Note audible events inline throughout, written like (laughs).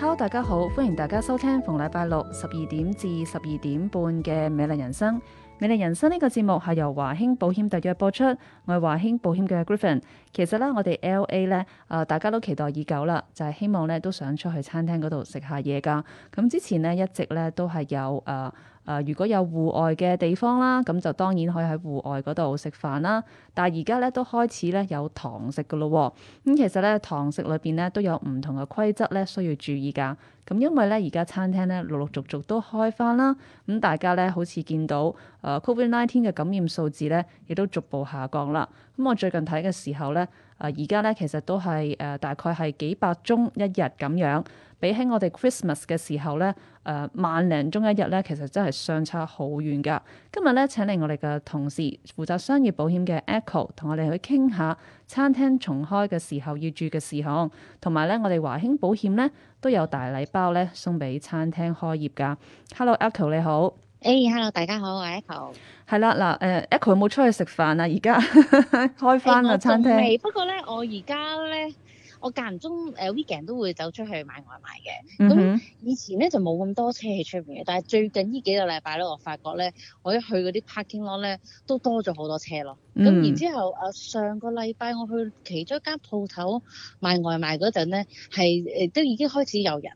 Hello 大家好，歡迎大家收聽逢禮拜六十二點至十二點半嘅美麗人生。美麗人生呢個節目係由華興保險特約播出，我係華興保險嘅 Griffin。其實咧，我哋 L A 咧，誒、呃，大家都期待已久啦，就係、是、希望呢都想出去餐廳嗰度食下嘢噶。咁之前呢，一直咧都係有誒。呃誒如果有戶外嘅地方啦，咁就當然可以喺戶外嗰度食飯啦。但係而家咧都開始咧有堂食㗎咯喎。咁其實咧堂食裏邊咧都有唔同嘅規則咧需要注意㗎。咁因為咧而家餐廳咧陸陸續續都開翻啦。咁大家咧好似見到誒、呃、COVID nineteen 嘅感染數字咧，亦都逐步下降啦。咁、嗯、我最近睇嘅時候咧，誒而家咧其實都係誒、呃、大概係幾百宗一日咁樣。比起我哋 Christmas 嘅時候咧。誒、呃、萬零中一日咧，其實真係相差好遠噶。今日咧請嚟我哋嘅同事，負責商業保險嘅 Echo，同我哋去傾下餐廳重開嘅時候要注嘅事項，同埋咧我哋華興保險咧都有大禮包咧送俾餐廳開業噶。Hello，Echo 你好。誒、hey,，Hello，大家好，我係 Echo。係啦，嗱、呃、誒，Echo 有冇出去食飯啊？而家 (laughs) 開翻個餐廳。Hey, 未，不過咧，我而家咧。我間唔中誒 weekend 都會走出去買外賣嘅，咁、嗯、哼以前咧就冇咁多車喺出面嘅，但係最近呢幾個禮拜咧，我發覺咧，我一去嗰啲 parking lot 咧，都多咗好多車咯。咁、嗯、然之後誒上個禮拜我去其中一間鋪頭賣外賣嗰陣咧，係誒都已經開始有人。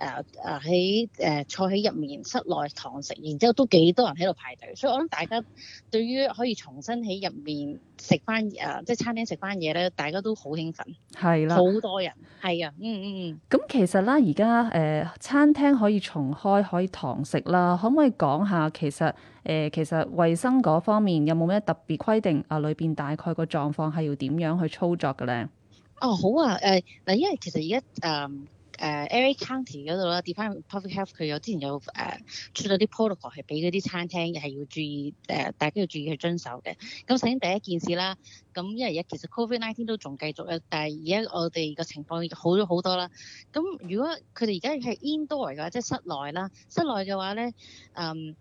誒誒，喺誒、呃呃、坐喺入面室內堂食，然之後都幾多人喺度排隊，所以我諗大家對於可以重新喺入面食翻誒，即係餐廳食翻嘢咧，大家都好興奮，係啦，好多人，係啊，嗯嗯。嗯，咁其實啦，而家誒餐廳可以重開，可以堂食啦，可唔可以講下其實誒、呃，其實衛生嗰方面有冇咩特別規定啊、呃？裏邊大概個狀況係要點樣去操作嘅咧？哦，好啊，誒、呃、嗱，因為其實而家誒。呃誒 Eric County 嗰度啦，Department of Public Health 佢有之前有誒、uh, 出咗啲 protocol 係俾嗰啲餐廳，係要注意誒，uh, 大家要注意去遵守嘅。咁首先第一件事啦，咁因為而家其實 COVID-19 都仲繼續嘅，但係而家我哋個情況已經好咗好多啦。咁如果佢哋而家係 indoor 嘅話，即係室內啦，室內嘅話咧，嗯，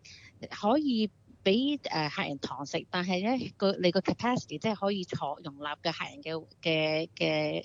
可以，俾誒客人堂食，但係咧，個你個 capacity 即係可以坐容納嘅客人嘅嘅嘅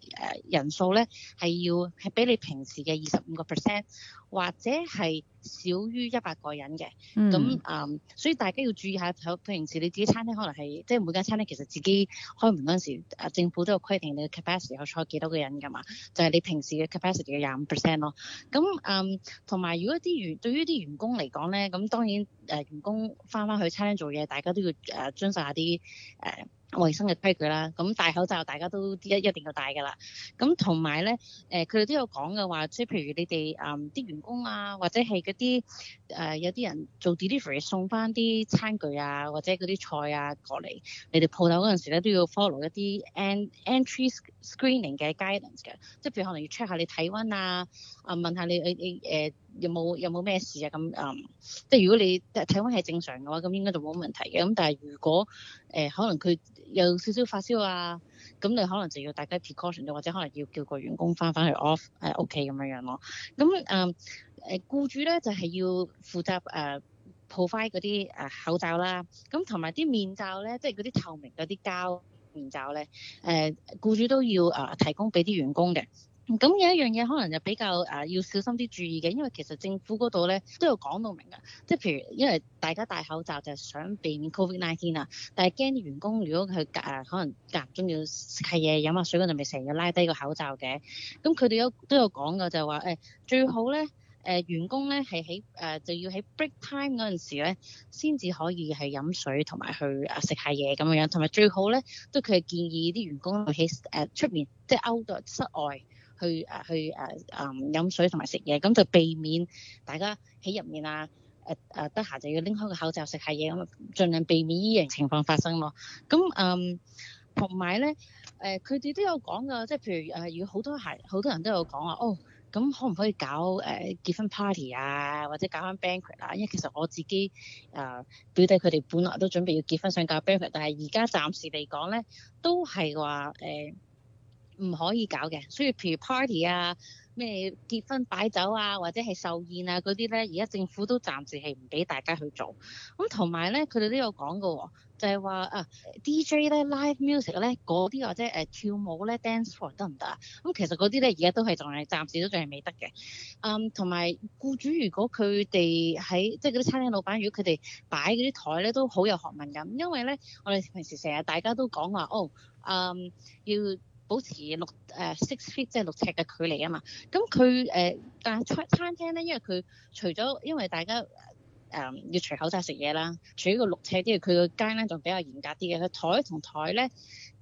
誒人數咧，係要係俾你平時嘅二十五個 percent 或者係。少於一百個人嘅，咁啊、嗯，um, 所以大家要注意下，平時你自己餐廳可能係，即係每間餐廳其實自己開門嗰陣時，啊政府都有規定你嘅 capacity 有坐幾多個人㗎嘛，就係、是、你平時嘅 capacity 嘅廿五 percent 咯。咁啊，同埋如果啲員對於啲員工嚟講咧，咁當然誒、呃、員工翻返去餐廳做嘢，大家都要誒、呃、遵守一下啲誒。呃衞生嘅規矩啦，咁戴口罩大家都一一定要戴㗎啦。咁同埋咧，誒佢哋都有講嘅話，即係譬如你哋誒啲員工啊，或者係嗰啲誒有啲人做 delivery 送翻啲餐具啊，或者嗰啲菜啊過嚟，你哋鋪頭嗰陣時咧都要 follow 一啲 entries Screening 嘅 guidance 嘅，即係譬如可能要 check 下你體温啊，啊問下你你你誒、呃、有冇有冇咩事啊咁，嗯，即係如果你體温係正常嘅話，咁應該就冇問題嘅，咁但係如果誒、呃、可能佢有少少發燒啊，咁你可能就要大家 precaution，或者可能要叫個員工翻翻去 off 誒屋企咁樣樣咯，咁嗯誒僱主咧就係、是、要負責誒 provide 嗰啲誒口罩啦，咁同埋啲面罩咧，即係嗰啲透明嗰啲膠。面罩咧，誒、呃，僱主都要啊、呃、提供俾啲員工嘅。咁有一樣嘢可能就比較誒、呃、要小心啲注意嘅，因為其實政府嗰度咧都有講到明㗎，即係譬如因為大家戴口罩就係想避免 Covid nineteen 啊，但係驚啲員工如果佢隔誒可能隔中、啊、要食下嘢飲下水嗰陣，咪成日拉低個口罩嘅。咁佢哋有都有講㗎，就係話誒最好咧。誒、呃、員工咧係喺誒就要喺 break time 嗰陣時咧，先至可以係飲水同埋去啊食下嘢咁樣，同埋最好咧都佢係建議啲員工喺誒出面，即係喺度室外去啊去誒啊飲水同埋食嘢，咁就避免大家喺入面、呃、啊誒誒得閒就要拎開個口罩食下嘢咁，儘量避免依樣情況發生咯。咁嗯，同埋咧誒佢哋都有講噶，即、就、係、是、譬如誒如果好多係好多人都有講話哦。咁可唔可以搞誒、uh, 結婚 party 啊，或者搞翻 banquet 啊？因為其實我自己誒、uh, 表弟佢哋本來都準備要結婚，想搞 banquet，但係而家暫時嚟講咧，都係話誒、uh,。唔可以搞嘅，所以譬如 party 啊、咩結婚擺酒啊，或者係壽宴啊嗰啲咧，而家政府都暫時係唔俾大家去做。咁同埋咧，佢哋都有講過、哦，就係、是、話啊 DJ 咧、live music 咧嗰啲或者誒、啊、跳舞咧 dance floor 得唔得啊？咁、嗯、其實嗰啲咧而家都係仲係暫時都仲係未得嘅。嗯，同埋僱主如果佢哋喺即係嗰啲餐廳老闆，如果佢哋擺嗰啲台咧都好有學問咁，因為咧我哋平時成日大家都講話哦，嗯要，保持六誒 six feet，即係六尺嘅距離啊嘛，咁佢誒，但係餐餐廳咧，因為佢除咗因為大家誒、呃、要除口罩食嘢啦，除咗個六尺之餘，佢個間咧仲比較嚴格啲嘅，佢台同台咧，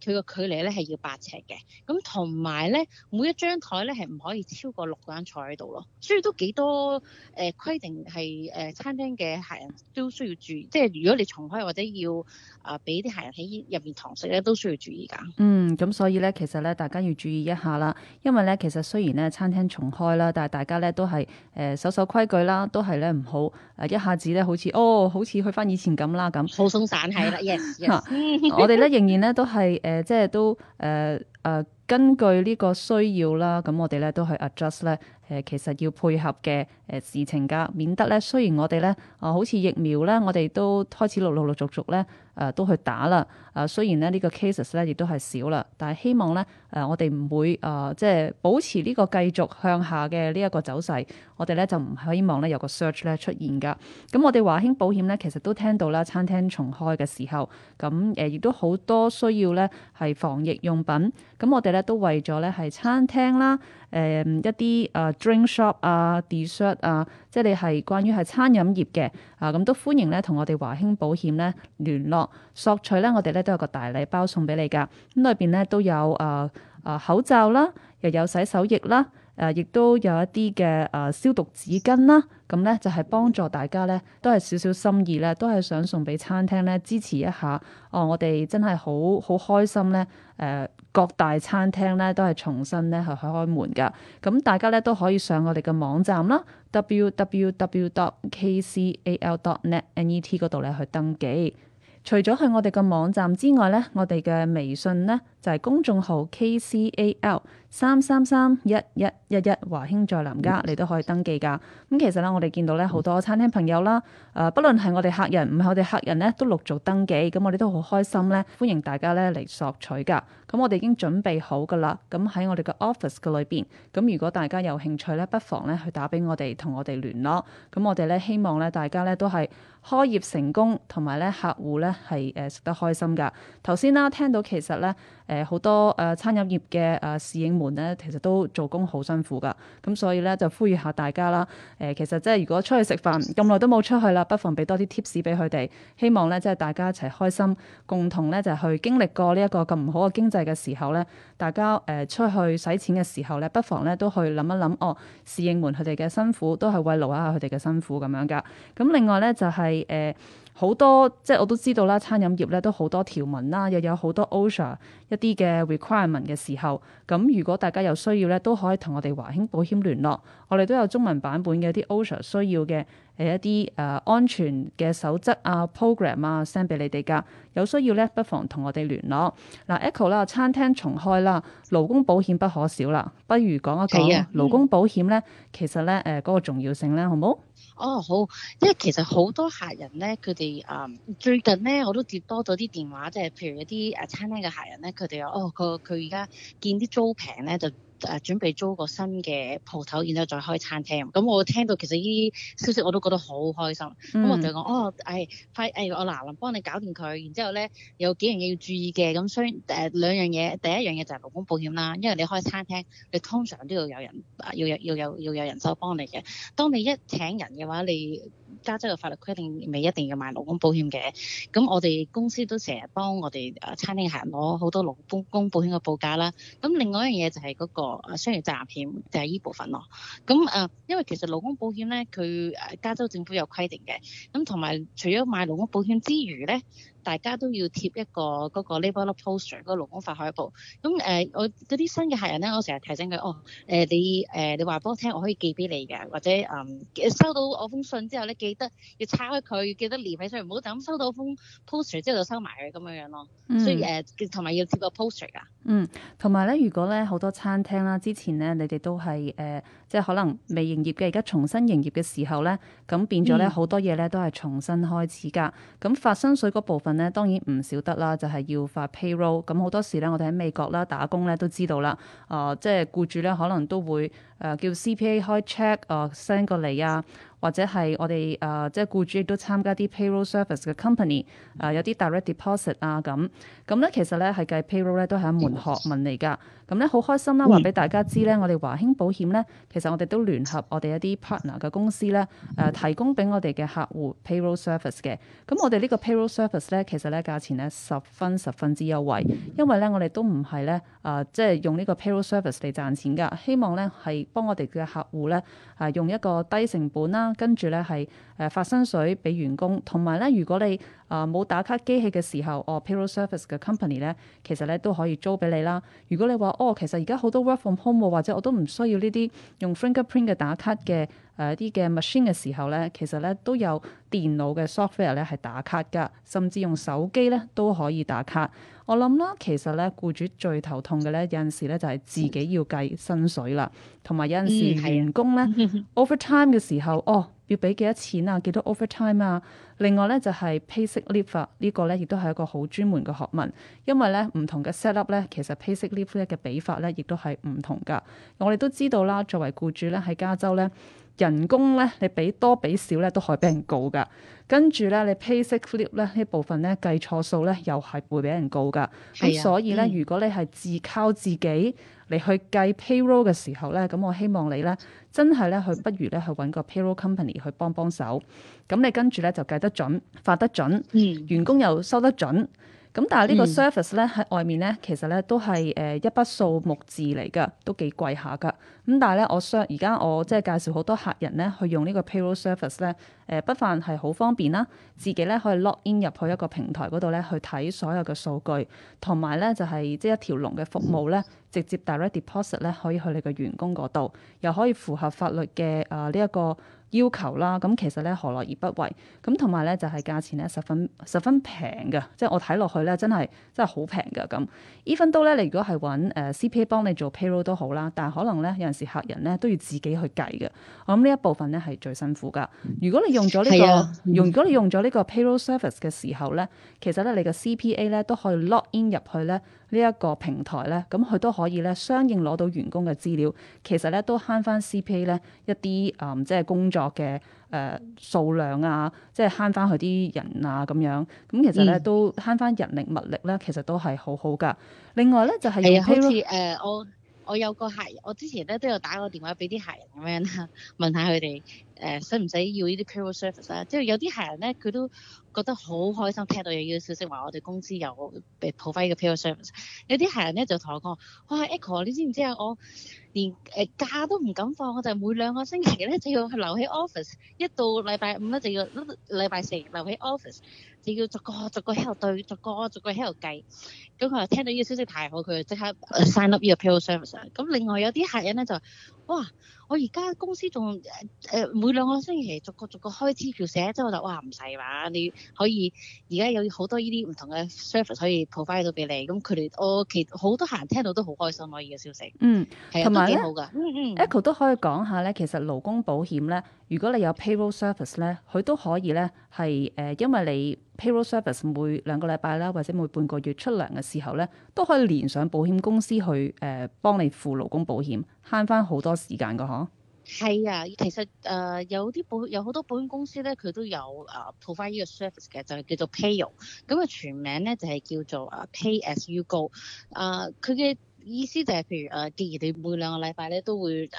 佢個距離咧係要八尺嘅，咁同埋咧每一張台咧係唔可以超過六個人坐喺度咯，所以都幾多誒、呃、規定係誒、呃、餐廳嘅客人都需要注意，即係如果你重開或者要啊俾啲客人喺入邊堂食咧，都需要注意噶。嗯，咁所以咧其實咧大家要注意一下啦，因為咧其實雖然咧餐廳重開啦，但係大家咧都係誒守守規矩啦，都係咧唔好誒一下子咧好似哦好似去翻以前咁啦咁。好鬆散係啦，yes yes。我哋咧仍然咧都係誒。誒，即係都誒誒、呃呃，根據呢個需要啦，咁我哋咧都去 adjust 咧。誒其實要配合嘅誒事情㗎，免得咧。雖然我哋咧，啊好似疫苗咧，我哋都開始陸陸陸續續咧，誒都去打啦。啊雖然咧呢個 cases 咧亦都係少啦，但係希望咧誒我哋唔會啊即係保持呢個繼續向下嘅呢一個走勢，我哋咧就唔希望咧有個 search 咧出現㗎。咁我哋華興保險咧，其實都聽到啦，餐廳重開嘅時候，咁誒亦都好多需要咧係防疫用品。咁我哋咧都為咗咧係餐廳啦、呃，誒一啲啊～Drink shop 啊，dessert 啊，即係你係關於係餐飲業嘅，啊咁都歡迎咧，同我哋華興保險咧聯絡索取咧，我哋咧都有個大禮包送俾你噶，咁裏邊咧都有誒誒、呃、口罩啦，又有洗手液啦，誒、呃、亦都有一啲嘅誒消毒紙巾啦，咁、嗯、咧就係、是、幫助大家咧，都係少少心意咧，都係想送俾餐廳咧支持一下，哦，我哋真係好好開心咧，誒、呃。各大餐廳咧都係重新咧去開門㗎，咁大家咧都可以上我哋嘅網站啦，w w w dot k c a l dot net n e t 嗰度咧去登記。除咗去我哋嘅網站之外咧，我哋嘅微信咧就係公眾號 k c a l。三三三一一一一華興在林家，你都可以登記噶。咁其實呢，我哋見到呢好多餐廳朋友啦，誒，不論係我哋客人，唔係我哋客人呢，都陸續登記。咁我哋都好開心呢，歡迎大家呢嚟索取噶。咁我哋已經準備好噶啦。咁喺我哋嘅 office 嘅裏邊，咁如果大家有興趣呢，不妨呢去打俾我哋，同我哋聯絡。咁我哋呢希望呢，大家呢都係開業成功，同埋呢客戶呢係誒食得開心噶。頭先啦，聽到其實呢。誒好、呃、多誒、呃、餐飲業嘅誒侍應們咧，其實都做工好辛苦噶，咁、嗯、所以咧就呼籲下大家啦。誒、呃、其實即係如果出去食飯咁耐都冇出去啦，不妨俾多啲 tips 俾佢哋，希望咧即係大家一齊開心，共同咧就是、去經歷過呢一個咁唔好嘅經濟嘅時候咧，大家誒、呃、出去使錢嘅時候咧，不妨咧都去諗一諗哦，侍、呃、應們佢哋嘅辛苦，都係慰勞一下佢哋嘅辛苦咁樣噶。咁、嗯、另外咧就係、是、誒。呃好多即係我都知道啦，餐飲業咧都好多條文啦，又有好多 OSHA 一啲嘅 requirement 嘅時候，咁如果大家有需要咧，都可以同我哋華興保險聯絡。我哋都有中文版本嘅一啲 OSHA 需要嘅，誒一啲誒、呃、安全嘅守則啊、program 啊 send 俾你哋㗎。有需要咧，不妨同我哋聯絡。嗱、啊、Echo 啦，餐廳重開啦，勞工保險不可少啦。不如講一講勞、嗯、工保險咧，其實咧誒嗰個重要性咧，好唔好？哦，好，因為其實好多客人咧，佢哋誒最近咧，我都接多咗啲電話，即係譬如一啲誒、啊、餐廳嘅客人咧，佢哋話哦，佢佢而家見啲租平咧就，誒準備租個新嘅鋪頭，然後再開餐廳。咁我聽到其實呢啲消息我都覺得好開心。咁、嗯、我就講，哦，誒、哎、快，誒、哎、我嗱，幫你搞掂佢。然之後咧，有幾樣嘢要注意嘅。咁雖然誒兩樣嘢，第一樣嘢就係勞工保險啦，因為你開餐廳，你通常都要有人啊，要有要有要有人手幫你嘅。當你一請人嘅話，你加州嘅法律規定，咪一定要買勞工保險嘅。咁我哋公司都成日幫我哋誒餐廳客人攞好多勞工工保險嘅報價啦。咁另外一樣嘢就係嗰個誒商業責任險，就係依部分咯。咁誒、啊，因為其實勞工保險咧，佢誒加州政府有規定嘅。咁同埋，除咗買勞工保險之餘咧。大家都要貼一個嗰、那個呢包粒 poster，嗰個勞工法海報。咁誒、呃，我嗰啲新嘅客人咧，我成日提醒佢哦，誒、呃、你誒、呃、你話俾我聽，我可以寄俾你嘅，或者誒、嗯、收到我封信之後咧，記得要拆開佢，記得連起上，唔好就咁收到封 poster 之後就收埋佢咁樣樣咯。嗯、所以誒，同、呃、埋要貼個 poster 啊。嗯，同埋咧，如果咧好多餐廳啦，之前咧你哋都係誒、呃，即係可能未營業嘅，而家重新營業嘅時候咧，咁變咗咧好多嘢咧都係重新開始㗎。咁發薪水嗰部分。咧當然唔少得啦，就係要發 payroll。咁好多時咧，我哋喺美國啦打工咧都知道啦。誒、呃，即係僱主咧可能都會誒叫 CPA 開 check 誒 send 過嚟啊，或者係我哋誒即係僱主亦都參加啲 payroll service 嘅 company。誒有啲 direct deposit 啊咁咁咧，其實咧係計 payroll 咧都係一門學問嚟㗎。咁咧好開心啦，話俾大家知咧，我哋華興保險咧，其實我哋都聯合我哋一啲 partner 嘅公司咧，誒、呃、提供俾我哋嘅客戶 payroll service 嘅。咁、嗯、我哋呢個 payroll service 咧，其實咧價錢咧十分十分之優惠，因為咧我哋都唔係咧誒，即係用呢個 payroll service 嚟賺錢噶。希望咧係幫我哋嘅客戶咧，係、呃、用一個低成本啦，跟住咧係誒發薪水俾員工。同埋咧，如果你啊冇、呃、打卡機器嘅時候，我 payroll service 嘅 company 咧，其實咧都可以租俾你啦。如果你話，哦，其實而家好多 work from home 或者我都唔需要呢啲用 fingerprint 嘅打卡嘅誒啲嘅 machine 嘅時候咧，其實咧都有電腦嘅 software 咧係打卡㗎，甚至用手機咧都可以打卡。我諗啦，其實咧僱主最頭痛嘅咧有陣時咧就係自己要計薪水啦，同埋有陣時員工咧、嗯、 (laughs) overtime 嘅時候哦。要俾幾多錢啊？幾多 overtime 啊？另外咧就係、是、pay slip 啊，呢個咧亦都係一個好專門嘅學問，因為咧唔同嘅 set up 咧，其實 pay slip 咧嘅比法咧，亦都係唔同噶。我哋都知道啦，作為僱主咧喺加州咧人工咧你俾多俾少咧都可以俾人告噶，跟住咧你 pay slip 咧呢部分咧計錯數咧又係會俾人告噶。咁的所以咧、嗯、如果你係自靠自己。你去計 payroll 嘅時候咧，咁我希望你咧，真係咧去不如咧去搵個 payroll company 去幫幫手，咁你跟住咧就計得準，發得準，員工又收得準。咁但係呢個 service 咧喺外面咧，其實咧都係誒一筆數目字嚟㗎，都幾貴下㗎。咁但係咧，我相而家我即係介紹好多客人咧去用個呢個 payroll service 咧，誒、呃、不但係好方便啦。自己咧可以 log in 入去一個平台嗰度咧，去睇所有嘅數據，同埋咧就係即係一條龍嘅服務咧，直接 direct deposit 咧可以去你嘅員工嗰度，又可以符合法律嘅啊呢一個要求啦，咁其實咧何樂而不為？咁同埋咧就係價錢咧十分十分平嘅，即係我睇落去咧真係真係好平嘅咁。E 分刀咧，你如果係揾 CPA 幫你做 payroll 都好啦，但係可能咧有陣時客人咧都要自己去計嘅。我諗呢一部分咧係最辛苦㗎。如果你用咗呢、這個，啊、如果你用咗呢個 payroll service 嘅時候咧，其實咧你嘅 CPA 咧都可以 log in 入去咧呢一個平台咧，咁佢都可以咧相應攞到員工嘅資料，其實咧都慳翻 CPA 咧一啲誒、嗯、即係工作。嘅誒數量啊，即係慳翻佢啲人啊，咁樣，咁其實咧都慳翻人力物力咧，其實都係好好噶。另外咧就係、係啊、好似誒、呃，我我有個客人，我之前咧都有打個電話俾啲客人咁樣啦，問下佢哋。誒使唔使要呢啲 payroll service 啊？即係有啲客人咧，佢都覺得好開心，聽到有呢個消息，話我哋公司有 provide 翻呢個 payroll service。有啲客人咧就同我講：哇，Echo，你知唔知啊？我連誒、呃、假都唔敢放，我就每兩個星期咧就要留喺 office，一到禮拜五咧就要，禮拜四留喺 office，就要逐個逐個喺度對，逐個逐個喺度計。咁佢話聽到呢個消息太好，佢即刻 sign up 呢個 payroll service 咁、啊、另外有啲客人咧就。哇！我而家公司仲誒誒每兩個星期逐個逐個開支票寫，即係就話、係、哇唔使嘛，你可以而家有好多呢啲唔同嘅 service 可以 provide 到俾你。咁佢哋我其好多客人聽到都好開心可以嘅消息。嗯，係啊係，都幾好噶。嗯嗯，Echo 都可以講下咧，其實勞工保險咧。如果你有 payroll service 咧，佢都可以咧係誒，因為你 payroll service 每兩個禮拜啦，或者每半個月出糧嘅時候咧，都可以連上保險公司去誒幫你付勞工保險，慳翻好多時間噶嗬，係啊，其實誒、呃、有啲保有好多保險公司咧，佢都有誒 provide 呢個 service 嘅，就係叫做 payroll。咁嘅全名咧就係、是、叫做 pay as you go。啊、呃，佢嘅意思就係、是、譬如誒，既然你每兩個禮拜咧都會誒。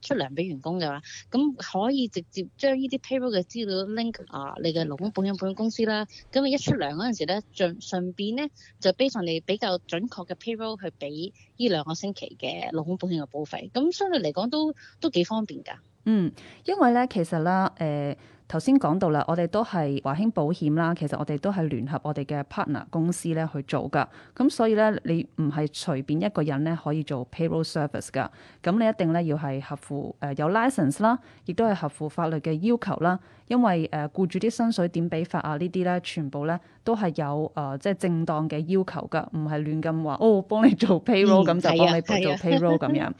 出糧俾員工嘅話，咁可以直接將呢啲 payroll 嘅資料 link 啊，你嘅勞工保險保險公司啦，咁啊一出糧嗰陣時咧，順便咧就俾上你比較準確嘅 payroll 去俾呢兩個星期嘅勞工保險嘅保費，咁相對嚟講都都幾方便㗎。嗯，因為咧其實啦，誒、呃。頭先講到啦，我哋都係華興保險啦，其實我哋都係聯合我哋嘅 partner 公司咧去做噶，咁所以咧你唔係隨便一個人咧可以做 payroll service 噶，咁你一定咧要係合乎誒、呃、有 license 啦，亦都係合乎法律嘅要求啦，因為誒僱主啲薪水點俾法啊呢啲咧，全部咧。都係有誒、呃，即係正當嘅要求噶，唔係亂咁話哦，幫你做 payroll 咁、嗯、就幫你做 payroll 咁 (laughs) 樣。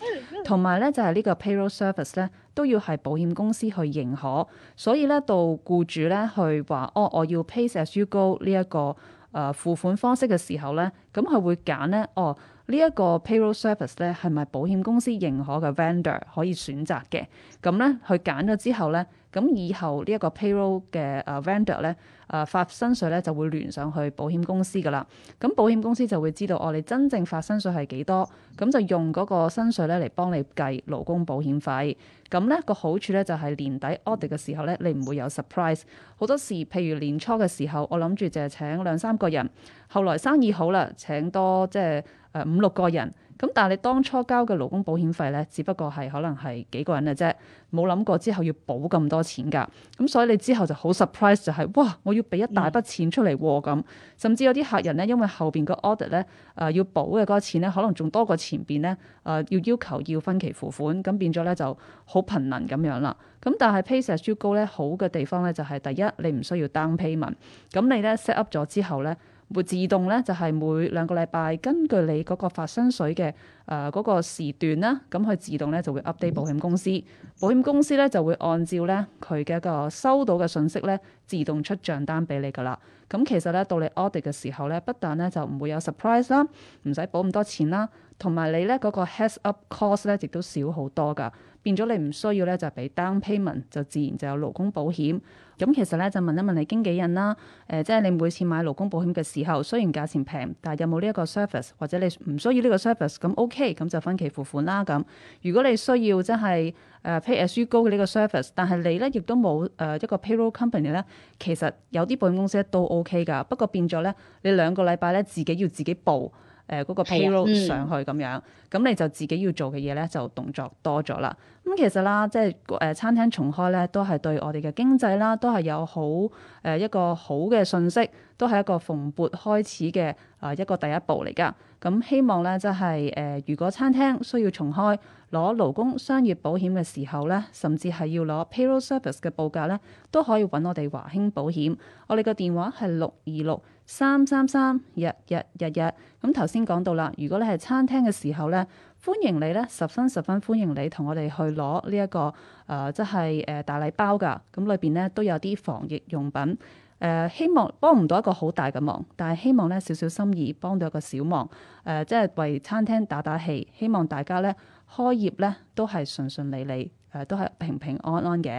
同埋咧，就係、係、呢個 payroll service 咧，都要係保險公司去認可。所以咧，到僱主咧去話哦，我要 pay as you go 呢、呢、一個誒、呃、付款方式嘅時候咧，咁佢會揀咧哦、呢個、呢一個 payroll service 咧係咪保險公司認可嘅 vendor 可以選擇嘅？咁咧佢揀咗之後咧。咁以後呢一個 payroll 嘅啊 vendor 咧，啊發薪水咧就會聯上去保險公司㗎喇。咁保險公司就會知道我哋、哦、真正發薪水係幾多，咁就用嗰個薪水咧嚟幫你計勞工保險費。咁、那、咧個好處咧就係、是、年底 audit 嘅時候咧，你唔會有 surprise。好多時譬如年初嘅時候，我諗住就係請兩三個人，後來生意好啦，請多即係誒五六個人。咁但係你當初交嘅勞工保險費咧，只不過係可能係幾個人嘅啫，冇諗過之後要保咁多錢㗎。咁所以你之後就好 surprise 就係、是，哇！我要俾一大筆錢出嚟喎咁。甚至有啲客人咧，因為後邊、呃、個 order 咧，誒要保嘅嗰錢咧，可能仲多過前邊咧，誒、呃、要要求要分期付款，咁變咗咧就好頻能咁樣啦。咁但係 p a y s c a u g 超高咧，好嘅地方咧就係、是、第一，你唔需要 down payment。咁你咧 set up 咗之後咧。會自動咧，就係、是、每兩個禮拜根據你嗰個發薪水嘅誒嗰個時段啦，咁佢自動咧就會 update 保險公司，保險公司咧就會按照咧佢嘅一個收到嘅信息咧自動出賬單俾你噶啦。咁、嗯、其實咧到你 audit 嘅時候咧，不但咧就唔會有 surprise 啦，唔使補咁多錢啦，同埋你咧嗰、那個 heads up cost 咧亦都少好多噶。變咗你唔需要咧，就俾 down payment，就自然就有勞工保險。咁其實咧就問一問你經紀人啦。誒、呃，即係你每次買勞工保險嘅時候，雖然價錢平，但係有冇呢一個 service，或者你唔需要呢個 service，咁 OK，咁就分期付款啦。咁如果你需要即係誒 pay as you go 嘅呢個 service，但係你咧亦都冇誒一個 payroll company 咧，其實有啲保險公司都 OK 噶。不過變咗咧，你兩個禮拜咧自己要自己報。誒嗰、呃那個 payroll 上去咁樣，咁你就自己要做嘅嘢咧就動作多咗啦。咁、嗯、其實啦，即係誒餐廳重開咧，都係對我哋嘅經濟啦，都係有好誒、呃、一個好嘅訊息，都係一個蓬勃開始嘅啊、呃、一個第一步嚟噶。咁、嗯、希望咧，即係誒如果餐廳需要重開。攞勞工商業保險嘅時候呢，甚至係要攞 Payroll Service 嘅報價呢，都可以揾我哋華興保險。我哋個電話係六二六三三三日日日日。咁頭先講到啦，如果你係餐廳嘅時候呢，歡迎你呢，十分十分歡迎你同我哋去攞呢一個誒，即係誒大禮包㗎。咁裏邊呢，都有啲防疫用品誒、呃，希望幫唔到一個好大嘅忙，但係希望呢，小小心意幫到一個小忙誒，即、呃、係、就是、為餐廳打打氣，希望大家呢。開業咧都係順順利利，誒都係平平安安嘅。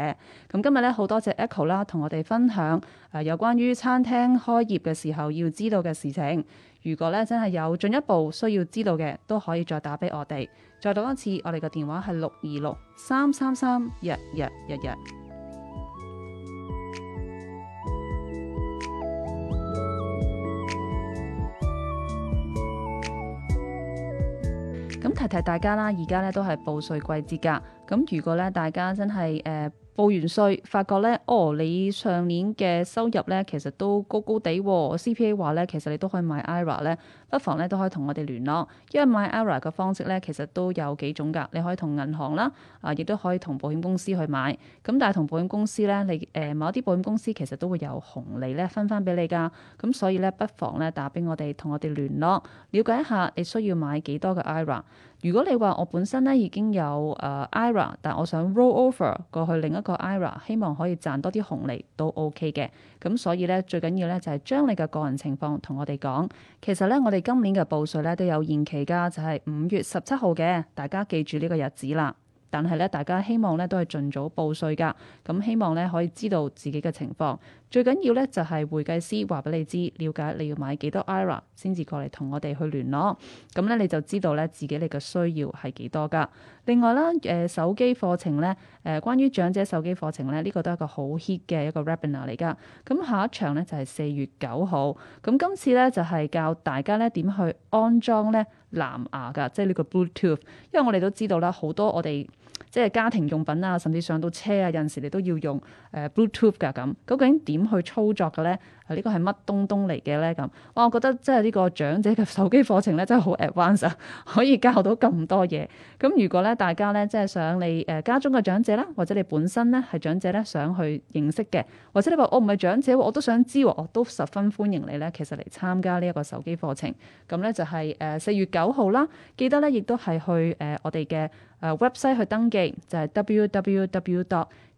咁今日咧好多謝 Echo 啦，同我哋分享誒有關於餐廳開業嘅時候要知道嘅事情。如果咧真係有進一步需要知道嘅，都可以再打俾我哋。再讀一次，我哋嘅電話係六二六三三三一一一一。提提大家啦，而家咧都係報稅季節噶。咁、嗯、如果咧大家真係誒、呃、報完稅，發覺咧，哦，你上年嘅收入咧其實都高高地，CPA 話咧，其實你都可以買 IRA 咧，不妨咧都可以同我哋聯絡，因為買 IRA 嘅方式咧其實都有幾種㗎，你可以同銀行啦，啊、呃，亦都可以同保險公司去買，咁但係同保險公司咧，你誒、呃、某一啲保險公司其實都會有紅利咧分翻俾你㗎，咁、啊、所以咧不妨咧打俾我哋同我哋聯絡，了解一下你需要買幾多個 IRA。如果你話我本身咧已經有誒 IRA，、呃但我想 roll over 過去另一個 IRA，希望可以賺多啲紅利都 OK 嘅。咁所以咧，最緊要咧就係將你嘅個人情況同我哋講。其實咧，我哋今年嘅報稅咧都有延期噶，就係五月十七號嘅，大家記住呢個日子啦。但係咧，大家希望咧都係盡早報稅噶。咁，嗯，希望咧可以知道自己嘅情況。最緊要咧就係會計師話俾你知，了解你要買幾多 IRA 先至過嚟同我哋去聯絡，咁咧你就知道咧自己你嘅需要係幾多噶。另外啦，誒、呃、手機課程咧，誒、呃、關於長者手機課程咧，呢、這個都係一個好 hit 嘅一個 webinar 嚟噶。咁、嗯、下一場咧就係、是、四月九號，咁、嗯、今次咧就係、是、教大家咧點去安裝咧藍牙噶，即係呢個 Bluetooth，因為我哋都知道啦，好多我哋。即係家庭用品啊，甚至上到車啊，有陣時你都要用誒、呃、Bluetooth 噶咁，究竟點去操作嘅咧？呢、啊這個係乜東東嚟嘅咧？咁、啊、哇，我覺得即係呢個長者嘅手機課程咧，真係好 advanced，、啊、可以教到咁多嘢。咁、啊、如果咧，大家咧，即係想你誒家中嘅長者啦，或者你本身咧係長者咧，想去認識嘅，或者你話我唔係長者，我都想知喎，我都十分歡迎你咧，其實嚟參加呢一個手機課程。咁、嗯、咧就係誒四月九號啦，記得咧亦都係去誒、呃呃、我哋嘅誒 website 去登記，在、就係、www.dot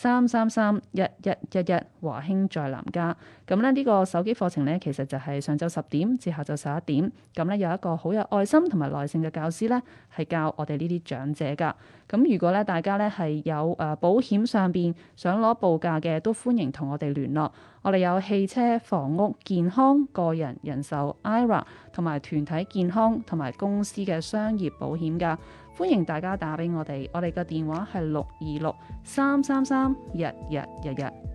三三三一一一一華興在南加。咁咧呢個手機課程呢，其實就係上晝十點至下晝十一點，咁、嗯、呢、嗯，有一個好有愛心同埋耐性嘅教師呢，係教我哋呢啲長者噶。咁、嗯、如果咧大家呢係有誒、呃、保險上邊想攞報價嘅，都歡迎同我哋聯絡。我哋有汽車、房屋、健康、個人、人壽 IRA 同埋團體健康同埋公司嘅商業保險噶。歡迎大家打俾我哋，我哋嘅電話係六二六三三三一一一一。